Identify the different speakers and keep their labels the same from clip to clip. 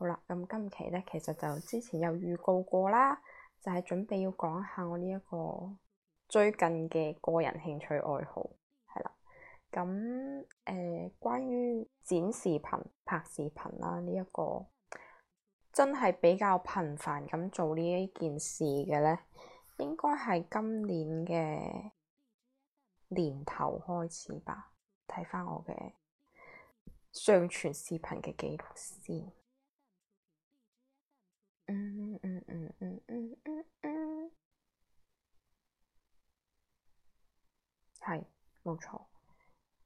Speaker 1: 好啦，咁今期咧，其實就之前有預告過啦，就係、是、準備要講下我呢一個最近嘅個人興趣愛好係啦。咁誒、呃，關於剪視頻、拍視頻啦，呢、這、一個真係比較頻繁咁做呢一件事嘅咧，應該係今年嘅年頭開始吧。睇翻我嘅上傳視頻嘅記錄先。嗯嗯嗯嗯嗯嗯嗯，係，冇錯。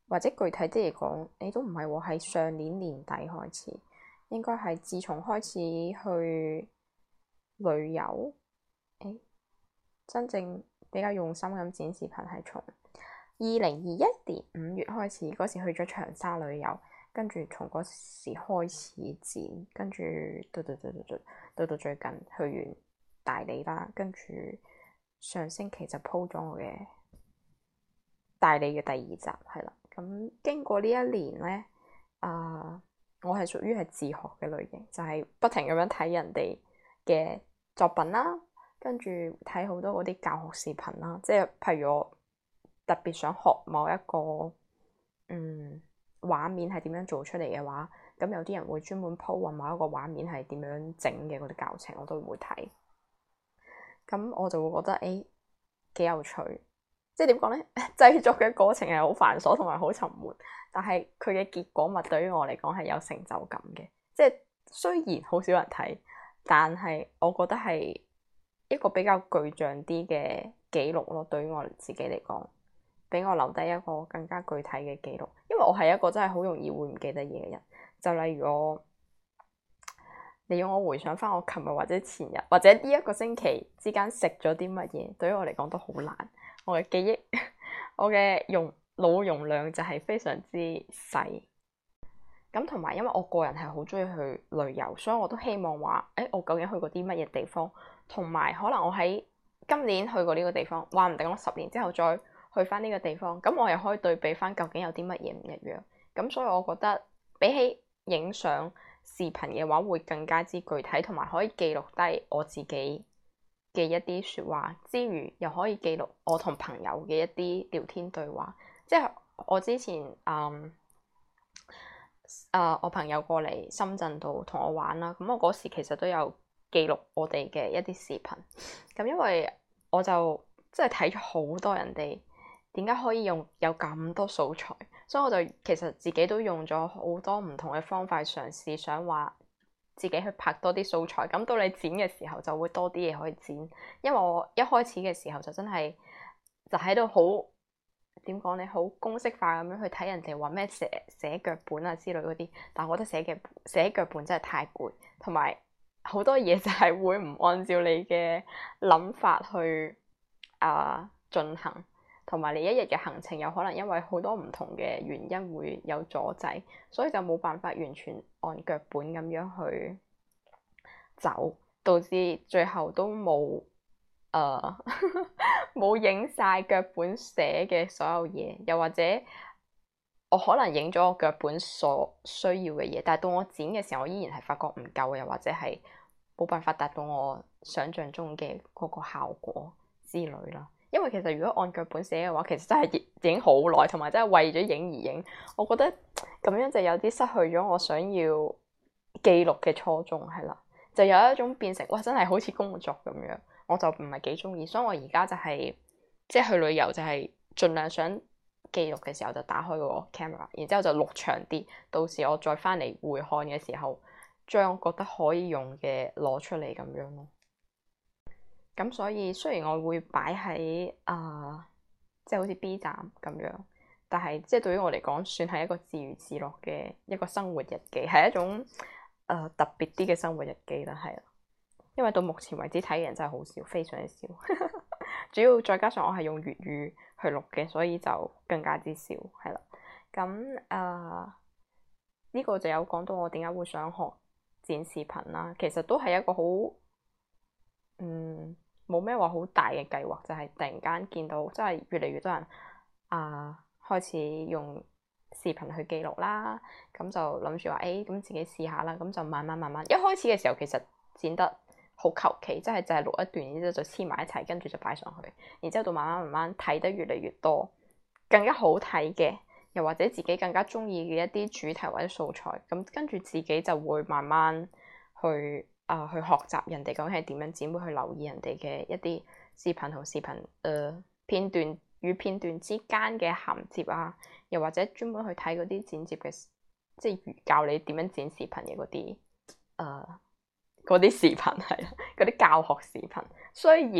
Speaker 1: 或者具體啲嚟講，你都唔係喎，喺上年年底開始，應該係自從開始去旅遊，誒，真正比較用心咁剪視頻係從二零二一年五月開始，嗰時去咗長沙旅遊。跟住從嗰時開始剪，跟住到到到到到到最近去完大理啦，跟住上星期就鋪咗我嘅大理嘅第二集係啦。咁、嗯、經過呢一年咧，啊、呃，我係屬於係自學嘅類型，就係、是、不停咁樣睇人哋嘅作品啦，跟住睇好多嗰啲教學視頻啦，即係譬如我特別想學某一個，嗯。畫面係點樣做出嚟嘅話，咁有啲人會專門 po 或一個畫面係點樣整嘅嗰啲教程我，我都會睇。咁我就會覺得誒、欸，幾有趣。即係點講呢？製 作嘅過程係好繁瑣同埋好沉悶，但係佢嘅結果物對於我嚟講係有成就感嘅。即係雖然好少人睇，但係我覺得係一個比較具象啲嘅記錄咯。對於我自己嚟講。俾我留低一個更加具體嘅記錄，因為我係一個真係好容易會唔記得嘢嘅人。就例如我，你要我回想翻我琴日或者前日或者呢一個星期之間食咗啲乜嘢，對於我嚟講都好難。我嘅記憶，我嘅容腦容量就係非常之細。咁同埋，因為我個人係好中意去旅遊，所以我都希望話，誒、欸，我究竟去過啲乜嘢地方，同埋可能我喺今年去過呢個地方，話唔定我十年之後再，去翻呢個地方，咁我又可以對比翻究竟有啲乜嘢唔一樣。咁所以我覺得比起影相，視頻嘅話，會更加之具體，同埋可以記錄低我自己嘅一啲説話，之餘又可以記錄我同朋友嘅一啲聊天對話。即係我之前誒誒、嗯呃，我朋友過嚟深圳度同我玩啦。咁我嗰時其實都有記錄我哋嘅一啲視頻。咁因為我就真係睇咗好多人哋。點解可以用有咁多素材？所以我就其實自己都用咗好多唔同嘅方法嘗試，嘗試想話自己去拍多啲素材。咁到你剪嘅時候就會多啲嘢可以剪。因為我一開始嘅時候就真係就喺度好點講咧，好公式化咁樣去睇人哋話咩寫寫腳本啊之類嗰啲。但係我覺得寫嘅寫腳本真係太攰，同埋好多嘢就係會唔按照你嘅諗法去啊進行。同埋你一日嘅行程有可能因為好多唔同嘅原因會有阻滯，所以就冇辦法完全按腳本咁樣去走，導致最後都冇誒冇影晒腳本寫嘅所有嘢，又或者我可能影咗我腳本所需要嘅嘢，但係到我剪嘅時候，我依然係發覺唔夠，又或者係冇辦法達到我想象中嘅嗰個效果之類咯。因為其實如果按腳本寫嘅話，其實真係影好耐，同埋真係為咗影而影，我覺得咁樣就有啲失去咗我想要記錄嘅初衷，係啦，就有一種變成哇真係好似工作咁樣，我就唔係幾中意，所以我而家就係即係去旅遊就係盡量想記錄嘅時候就打開個 camera，然之後就錄長啲，到時我再翻嚟回看嘅時候，將我覺得可以用嘅攞出嚟咁樣咯。咁所以雖然我會擺喺啊，uh, 即係好似 B 站咁樣，但係即係對於我嚟講，算係一個自娛自樂嘅一個生活日記，係一種誒、uh, 特別啲嘅生活日記啦，係啦。因為到目前為止睇嘅人真係好少，非常之少。 主要再加上我係用粵語去錄嘅，所以就更加之少，係啦。咁誒呢個就有講到我點解會想學剪視頻啦。其實都係一個好嗯。冇咩話好大嘅計劃，就係突然間見到，即係越嚟越多人啊開始用視頻去記錄啦，咁就諗住話，誒咁自己試下啦，咁就慢慢慢慢。一開始嘅時候其實剪得好求其，即係就係錄一段，然之後就黐埋一齊，跟住就擺上去，然之後到慢慢慢慢睇得越嚟越多，更加好睇嘅，又或者自己更加中意嘅一啲主題或者素材，咁跟住自己就會慢慢去。啊、呃，去學習人哋究竟係點樣剪，會去留意人哋嘅一啲視頻同視頻，誒、呃、片段與片段之間嘅銜接啊，又或者專門去睇嗰啲剪接嘅，即係教你點樣剪視頻嘅嗰啲，誒嗰啲視頻係嗰啲教學視頻。雖然，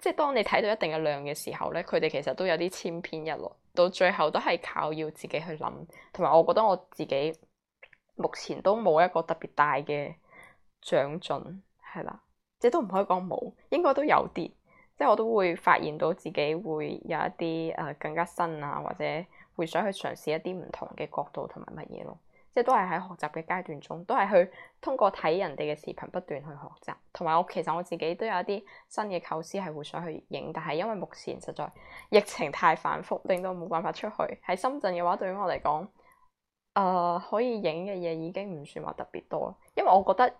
Speaker 1: 即係當你睇到一定嘅量嘅時候咧，佢哋其實都有啲千篇一律，到最後都係靠要自己去諗。同埋，我覺得我自己目前都冇一個特別大嘅。長進係啦，即都唔可以講冇，應該都有啲，即係我都會發現到自己會有一啲誒、呃、更加新啊，或者會想去嘗試一啲唔同嘅角度同埋乜嘢咯，即係都係喺學習嘅階段中，都係去通過睇人哋嘅視頻不斷去學習，同埋我其實我自己都有一啲新嘅構思係會想去影，但係因為目前實在疫情太反覆，令到冇辦法出去喺深圳嘅話，對於我嚟講，誒、呃、可以影嘅嘢已經唔算話特別多，因為我覺得。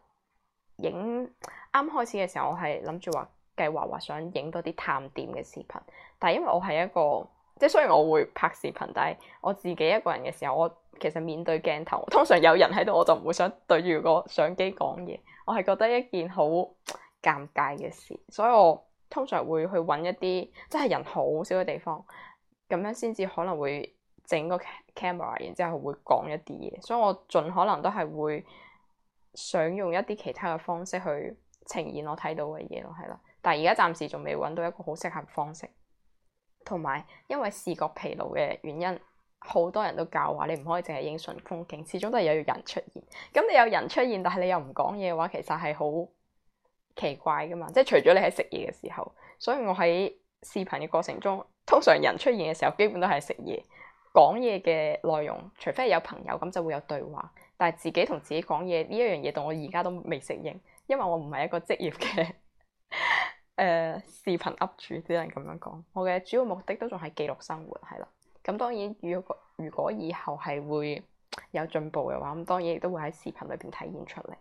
Speaker 1: 影啱開始嘅時候，我係諗住話計劃話想影多啲探店嘅視頻，但係因為我係一個即係雖然我會拍視頻，但係我自己一個人嘅時候，我其實面對鏡頭通常有人喺度，我就唔會想對住個相機講嘢，我係覺得一件好尷尬嘅事，所以我通常會去揾一啲真係人好少嘅地方，咁樣先至可能會整個 camera，然之後會講一啲嘢，所以我盡可能都係會。想用一啲其他嘅方式去呈現我睇到嘅嘢咯，係啦，但係而家暫時仲未揾到一個好適合方式，同埋因為視覺疲勞嘅原因，好多人都教話你唔可以淨係影純風景，始終都係有人出現。咁你有人出現，但係你又唔講嘢嘅話，其實係好奇怪㗎嘛，即係除咗你喺食嘢嘅時候。所以我喺視頻嘅過程中，通常人出現嘅時候，基本都係食嘢，講嘢嘅內容，除非有朋友咁就會有對話。但係自己同自己講嘢呢一樣嘢，到我而家都未適應，因為我唔係一個職業嘅誒、 呃、視頻 up 主只能咁樣講。我嘅主要目的都仲係記錄生活，係啦。咁當然，如果如果以後係會有進步嘅話，咁當然亦都會喺視頻裏邊體現出嚟。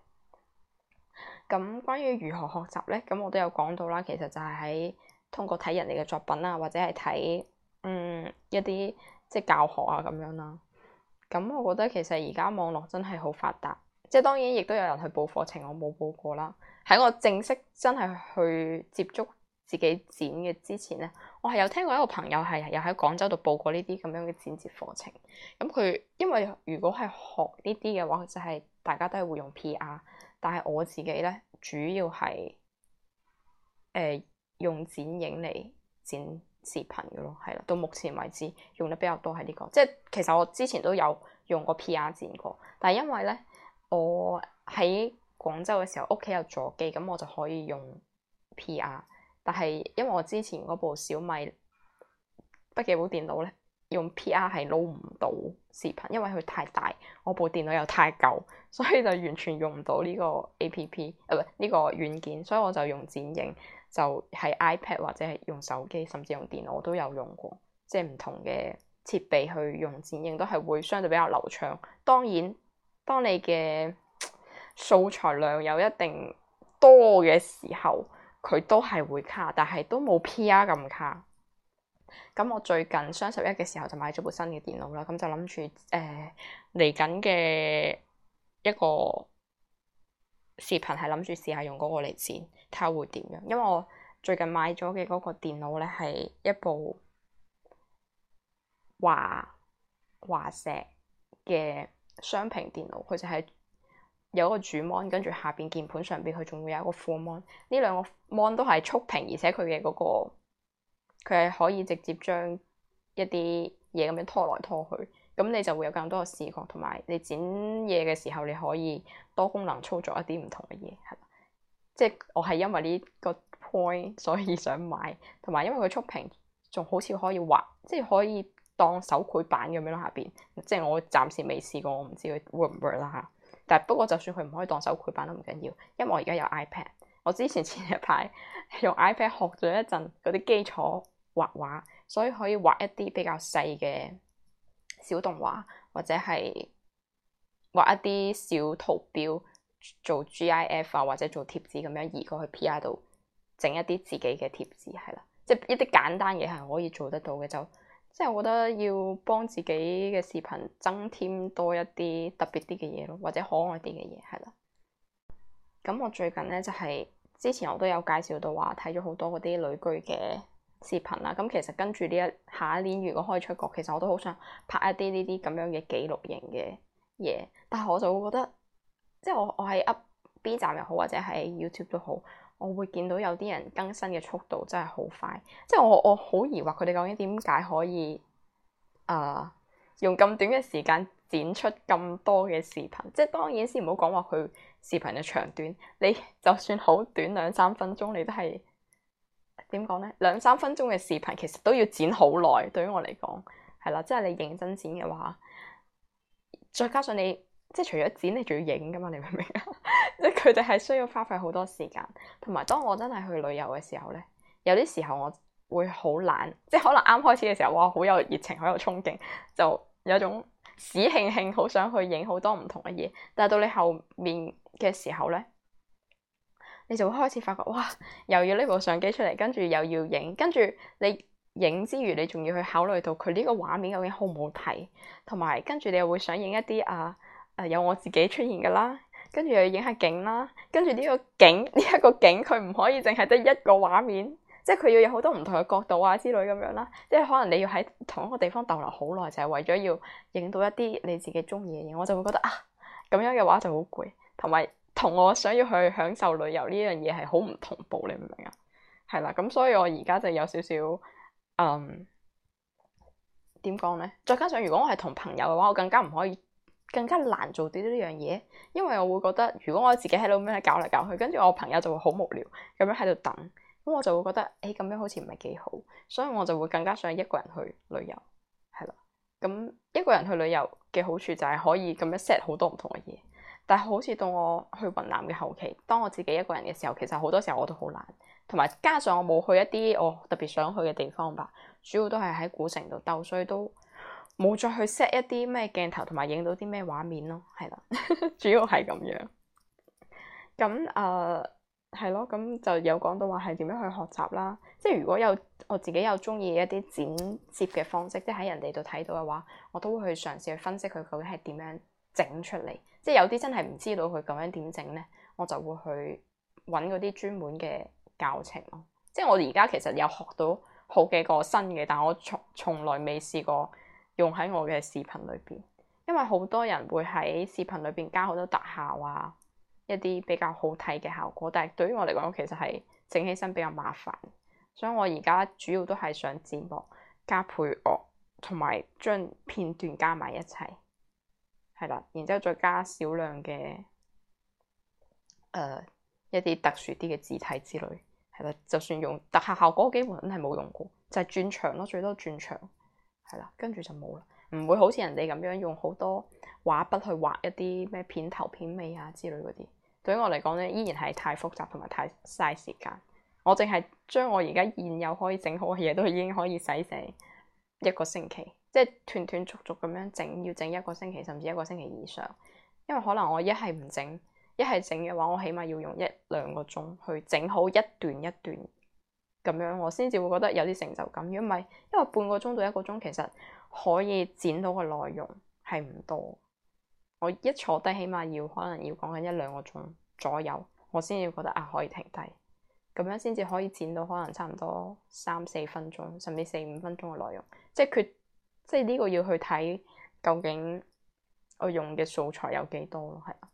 Speaker 1: 咁關於如何學習咧，咁我都有講到啦。其實就係喺通過睇人哋嘅作品啊，或者係睇嗯一啲即係教學啊咁樣啦。咁、嗯、我覺得其實而家網絡真係好發達，即係當然亦都有人去報課程，我冇報過啦。喺我正式真係去接觸自己剪嘅之前咧，我係有聽過一個朋友係又喺廣州度報過呢啲咁樣嘅剪接課程。咁、嗯、佢因為如果係學呢啲嘅話，就係、是、大家都係會用 PR，但係我自己咧主要係誒、呃、用剪映嚟剪。視頻嘅咯，係啦，到目前為止用得比較多係呢個，即係其實我之前都有用過 PR 剪過，但係因為咧我喺廣州嘅時候屋企有座機，咁我就可以用 PR，但係因為我之前嗰部小米筆記簿電腦咧用 PR 係撈唔到視頻，因為佢太大，我部電腦又太舊，所以就完全用唔到呢個 APP，誒，呢個軟件，所以我就用剪映。就係 iPad 或者係用手機，甚至用電腦都有用過，即係唔同嘅設備去用剪映都係會相對比較流暢。當然，當你嘅素材量有一定多嘅時候，佢都係會卡，但係都冇 PR 咁卡。咁我最近雙十一嘅時候就買咗部新嘅電腦啦，咁就諗住誒嚟緊嘅一個。視頻係諗住試下用嗰個嚟剪，睇下會點樣。因為我最近買咗嘅嗰個電腦咧，係一部華華碩嘅雙屏電腦，佢就係有個主 mon，跟住下邊鍵盤上邊佢仲會有一個副 mon。呢兩個 mon 都係觸屏，而且佢嘅嗰個佢係可以直接將一啲嘢咁樣拖來拖去。咁你就會有更多嘅視覺，同埋你剪嘢嘅時候，你可以多功能操作一啲唔同嘅嘢，係。即係我係因為呢個 point 所以想買，同埋因為佢觸屏仲好似可以畫，即係可以當手繪板咁樣下邊。即係我暫時未試過，我唔知佢會唔會啦吓。但不過就算佢唔可以當手繪板都唔緊要，因為我而家有 iPad。我之前前一排用 iPad 學咗一陣嗰啲基礎畫畫，所以可以畫一啲比較細嘅。小動畫或者係畫一啲小圖標，做 GIF 啊，或者做貼紙咁樣，移過去 PR 度整一啲自己嘅貼紙，係啦，即係一啲簡單嘢係可以做得到嘅。就即係我覺得要幫自己嘅視頻增添多一啲特別啲嘅嘢咯，或者可愛啲嘅嘢，係啦。咁我最近咧就係、是、之前我都有介紹到話睇咗好多嗰啲旅居嘅。視頻啦，咁其實跟住呢一下一年，如果可以出國，其實我都好想拍一啲呢啲咁樣嘅記錄型嘅嘢。但係我就會覺得，即係我我喺 Up B 站又好，或者喺 YouTube 都好，我會見到有啲人更新嘅速度真係好快。即係我我好疑惑佢哋究竟點解可以啊、呃、用咁短嘅時間剪出咁多嘅視頻。即係當然先唔好講話佢視頻嘅長短，你就算好短兩三分鐘，你都係。點講呢？兩三分鐘嘅視頻其實都要剪好耐，對於我嚟講係啦，即係你認真剪嘅話，再加上你即係除咗剪，你仲要影㗎嘛？你明唔明啊？ 即係佢哋係需要花費好多時間，同埋當我真係去旅遊嘅時候呢，有啲時候我會好懶，即係可能啱開始嘅時候哇，好有熱情，好有憧憬，就有種死慶慶好想去影好多唔同嘅嘢，但係到你後面嘅時候呢。你就會開始發覺，哇，又要呢部相機出嚟，跟住又要影，跟住你影之餘，你仲要去考慮到佢呢個畫面究竟好唔好睇，同埋跟住你又會想影一啲啊，誒，啊，有我自己出現㗎啦，跟住又要影下景啦，跟住呢個景，呢一個景佢唔可以淨係得一個畫面，即係佢要有好多唔同嘅角度啊之類咁樣啦，即係可能你要喺同一個地方逗留好耐，就係為咗要影到一啲你自己中意嘅嘢，我就會覺得啊，咁樣嘅話就好攰，同埋。同我想要去享受旅遊呢樣嘢係好唔同步，你明唔明啊？係啦，咁所以我而家就有少少嗯，點講咧？再加上如果我係同朋友嘅話，我更加唔可以，更加難做啲呢樣嘢，因為我會覺得如果我自己喺度咩搞嚟搞去，跟住我朋友就會好無聊，咁樣喺度等，咁我就會覺得誒，咁樣好似唔係幾好，所以我就會更加想一個人去旅遊，係啦，咁一個人去旅遊嘅好處就係可以咁樣 set 好多唔同嘅嘢。但係好似到我去雲南嘅後期，當我自己一個人嘅時候，其實好多時候我都好懶，同埋加上我冇去一啲我特別想去嘅地方吧，主要都係喺古城度兜，所以都冇再去 set 一啲咩鏡頭同埋影到啲咩畫面咯，係啦， 主要係咁樣，咁誒，係、呃、咯，咁就有講到話，係點樣去學習啦，即係如果有我自己有中意一啲剪接嘅方式，即係喺人哋度睇到嘅話，我都會去嘗試去分析佢究竟係點樣整出嚟。即係有啲真係唔知道佢咁樣點整呢，我就會去揾嗰啲專門嘅教程咯。即係我而家其實有學到好幾個新嘅，但我從從來未試過用喺我嘅視頻裏邊，因為好多人會喺視頻裏邊加好多特效啊，一啲比較好睇嘅效果，但係對於我嚟講其實係整起身比較麻煩，所以我而家主要都係上字幕、加配樂同埋將片段加埋一齊。係啦，然之後再加少量嘅，誒、呃、一啲特殊啲嘅字體之類，係啦，就算用特效效果，基本係冇用過，就係、是、轉場咯，最多轉場，係啦，跟住就冇啦，唔會好似人哋咁樣用好多畫筆去畫一啲咩片頭片尾啊之類嗰啲。對於我嚟講咧，依然係太複雜同埋太嘥時間。我淨係將我而家現有可以整好嘅嘢，都已經可以使死一個星期。即係斷斷續續咁樣整，要整一個星期甚至一個星期以上，因為可能我一係唔整，一係整嘅話，我起碼要用一兩個鐘去整好一段一段咁樣，我先至會覺得有啲成就感。如果唔係，因為半個鐘到一個鐘其實可以剪到嘅內容係唔多，我一坐低起碼要可能要講緊一兩個鐘左右，我先至覺得啊可以停低，咁樣先至可以剪到可能差唔多三四分鐘甚至四五分鐘嘅內容，即係缺。即係呢個要去睇，究竟我用嘅素材有幾多咯？係啦，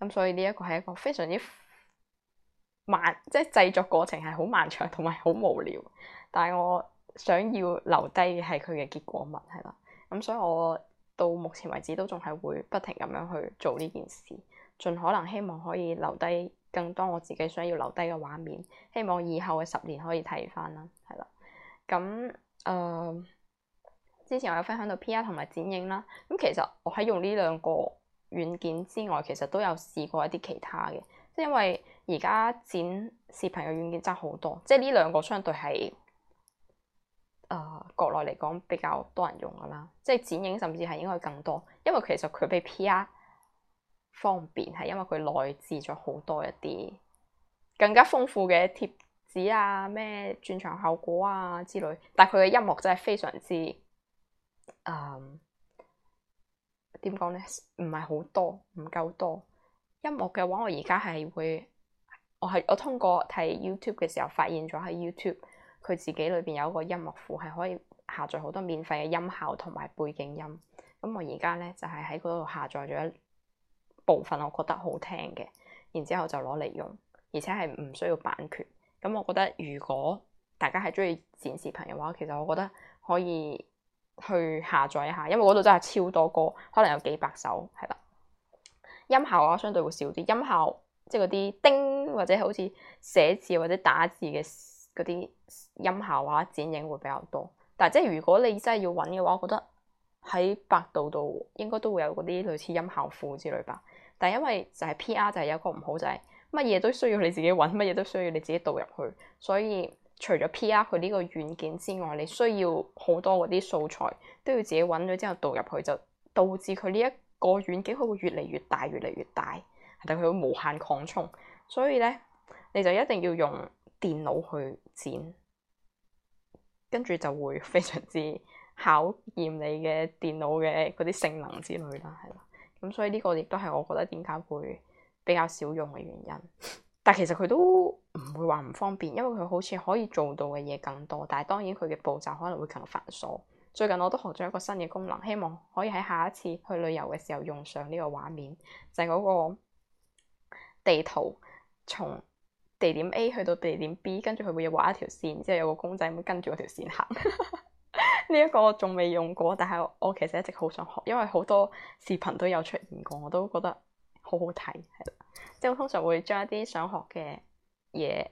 Speaker 1: 咁所以呢一個係一個非常之慢，即係製作過程係好漫長同埋好無聊。但係我想要留低嘅係佢嘅結果物，係啦。咁所以我到目前為止都仲係會不停咁樣去做呢件事，盡可能希望可以留低更多我自己想要留低嘅畫面，希望以後嘅十年可以睇翻啦。係啦，咁誒。呃之前我有分享到 PR 同埋剪映啦。咁其實我喺用呢兩個軟件之外，其實都有試過一啲其他嘅，即係因為而家剪視頻嘅軟件真係好多，即係呢兩個相對係誒、呃、國內嚟講比較多人用噶啦。即係剪映，甚至係應該更多，因為其實佢比 PR 方便係因為佢內置咗好多一啲更加豐富嘅貼紙啊、咩轉場效果啊之類。但係佢嘅音樂真係非常之～誒，點講咧？唔係好多，唔夠多。音樂嘅話，我而家係會，我係我通過睇 YouTube 嘅時候，發現咗喺 YouTube 佢自己裏邊有一個音樂庫，係可以下載好多免費嘅音效同埋背景音。咁我而家咧，就係喺嗰度下載咗一部分我覺得好聽嘅，然之後就攞嚟用，而且係唔需要版權。咁我覺得如果大家係中意剪視頻嘅話，其實我覺得可以。去下載一下，因為嗰度真係超多歌，可能有幾百首，係啦。音效嘅話，相對會少啲。音效即係嗰啲叮或者好似寫字或者打字嘅嗰啲音效嘅話，剪影會比較多。但係即係如果你真係要揾嘅話，我覺得喺百度度應該都會有嗰啲類似音效庫之類吧。但係因為就係 PR 就係有一個唔好就係乜嘢都需要你自己揾，乜嘢都，都需要你自己導入去，所以。除咗 PR 佢呢個軟件之外，你需要好多嗰啲素材，都要自己揾咗之後導入去，就導致佢呢一個軟件佢會越嚟越大，越嚟越大，但佢會無限擴充，所以咧你就一定要用電腦去剪，跟住就會非常之考驗你嘅電腦嘅嗰啲性能之類啦，係啦。咁所以呢個亦都係我覺得點解會比較少用嘅原因，但其實佢都。唔會話唔方便，因為佢好似可以做到嘅嘢、更多，但係當然佢嘅步驟可能會更繁瑣。最近我都學咗一個新嘅功能，希望可以喺下一次去旅遊嘅時候用上呢個畫面，就係嗰個地圖從地點 A 去到地點 B，跟住佢會畫一條線，之後有個公仔咁跟住嗰條線行。呢 一個仲未用過，但係我其實一直好想學，因為好多視頻都有出現過，我都覺得好好睇。係。 即係我通常會將一啲想學嘅。嘢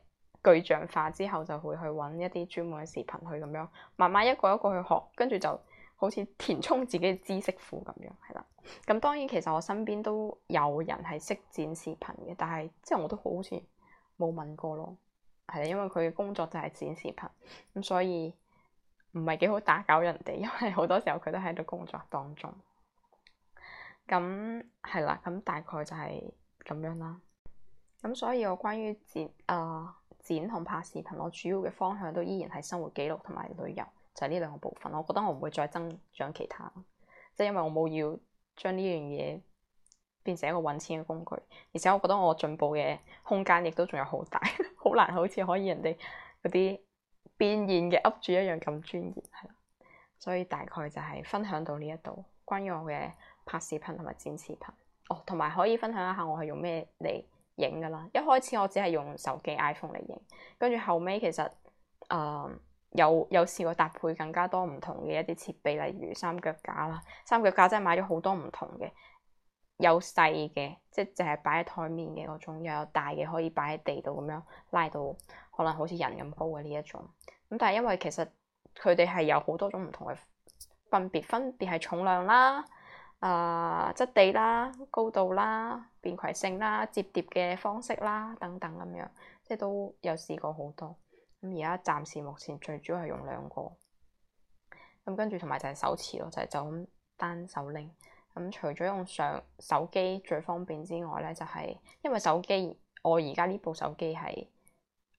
Speaker 1: 具象化之後，就會去揾一啲專門嘅視頻去咁樣，慢慢一個一個去學，跟住就好似填充自己嘅知識庫咁樣，係啦。咁當然，其實我身邊都有人係識剪視頻嘅，但係即係我都好似冇問過咯，係啦，因為佢嘅工作就係剪視頻，咁所以唔係幾好打攪人哋，因為好多時候佢都喺度工作當中。咁係啦，咁大概就係咁樣啦。咁、嗯、所以我關於剪啊、呃、剪同拍視頻，我主要嘅方向都依然係生活記錄同埋旅遊，就係、是、呢兩個部分。我覺得我唔會再增長其他，即、就、係、是、因為我冇要將呢樣嘢變成一個揾錢嘅工具。而且我覺得我進步嘅空間亦都仲有好大，好 難好似可以人哋嗰啲變現嘅 up 主一樣咁專業。係啦，所以大概就係分享到呢一度關於我嘅拍視頻同埋剪視頻。哦，同埋可以分享一下我係用咩嚟影㗎啦，一開始我只係用手機 iPhone 嚟影，跟住後尾其實誒、呃、有有試過搭配更加多唔同嘅一啲設備，例如三腳架啦，三腳架真係買咗好多唔同嘅，有細嘅即係淨係擺喺枱面嘅嗰種，又有大嘅可以擺喺地度咁樣拉到可能好似人咁高嘅呢一種，咁但係因為其實佢哋係有好多種唔同嘅分別，分別係重量啦。啊，uh, 質地啦、高度啦、便攜性啦、摺疊嘅方式啦等等咁樣，即係都有試過好多。咁而家暫時目前最主要係用兩個。咁、嗯、跟住同埋就係手持咯，就係、是、就咁單手拎。咁、嗯、除咗用上手機最方便之外咧，就係、是、因為手機我而家呢部手機係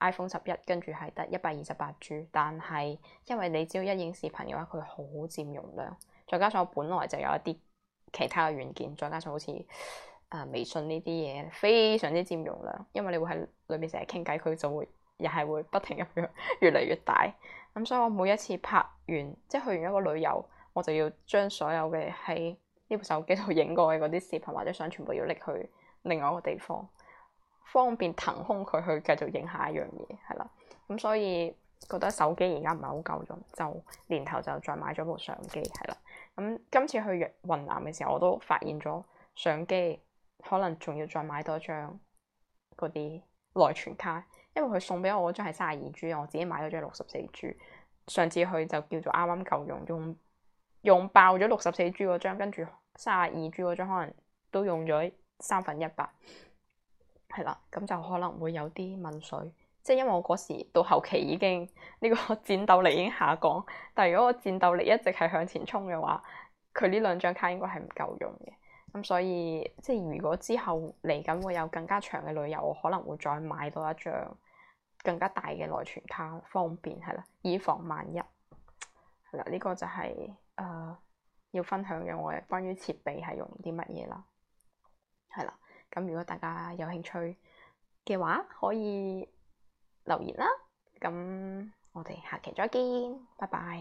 Speaker 1: iPhone 十一，跟住係得一百二十八 G，但係因為你只要一影視頻嘅話，佢好佔容量，再加上我本來就有一啲。其他嘅軟件，再加上好似誒微信呢啲嘢，非常之佔容量，因為你會喺裏面成日傾偈，佢就會又係會不停咁樣越嚟越大。咁所以我每一次拍完，即係去完一個旅遊，我就要將所有嘅喺呢部手機度影過嘅嗰啲視頻或者相，全部要拎去另外一個地方，方便騰空佢去繼續影下一樣嘢，係啦。咁所以覺得手機而家唔係好夠用，就年頭就再買咗部相機，係啦。咁、嗯、今次去雲南嘅時候，我都發現咗相機可能仲要再買多張嗰啲內存卡，因為佢送俾我嗰張係三十二 G，我自己買咗張六十四 G。上次去就叫做啱啱夠用，用用爆咗六十四 G 嗰張，跟住三十二 G 嗰張可能都用咗三分一吧。係啦，咁就可能會有啲問水。即係因為我嗰時到後期已經呢、這個戰鬥力已經下降，但係如果我戰鬥力一直係向前衝嘅話，佢呢兩張卡應該係唔夠用嘅。咁所以即係如果之後嚟緊會有更加長嘅旅遊，我可能會再買多一張更加大嘅內存卡，方便係啦，以防萬一。係啦，呢、這個就係、是、誒、呃、要分享嘅我嘅關於設備係用啲乜嘢啦。係啦，咁如果大家有興趣嘅話，可以。留言啦，咁我哋下期再見，拜拜。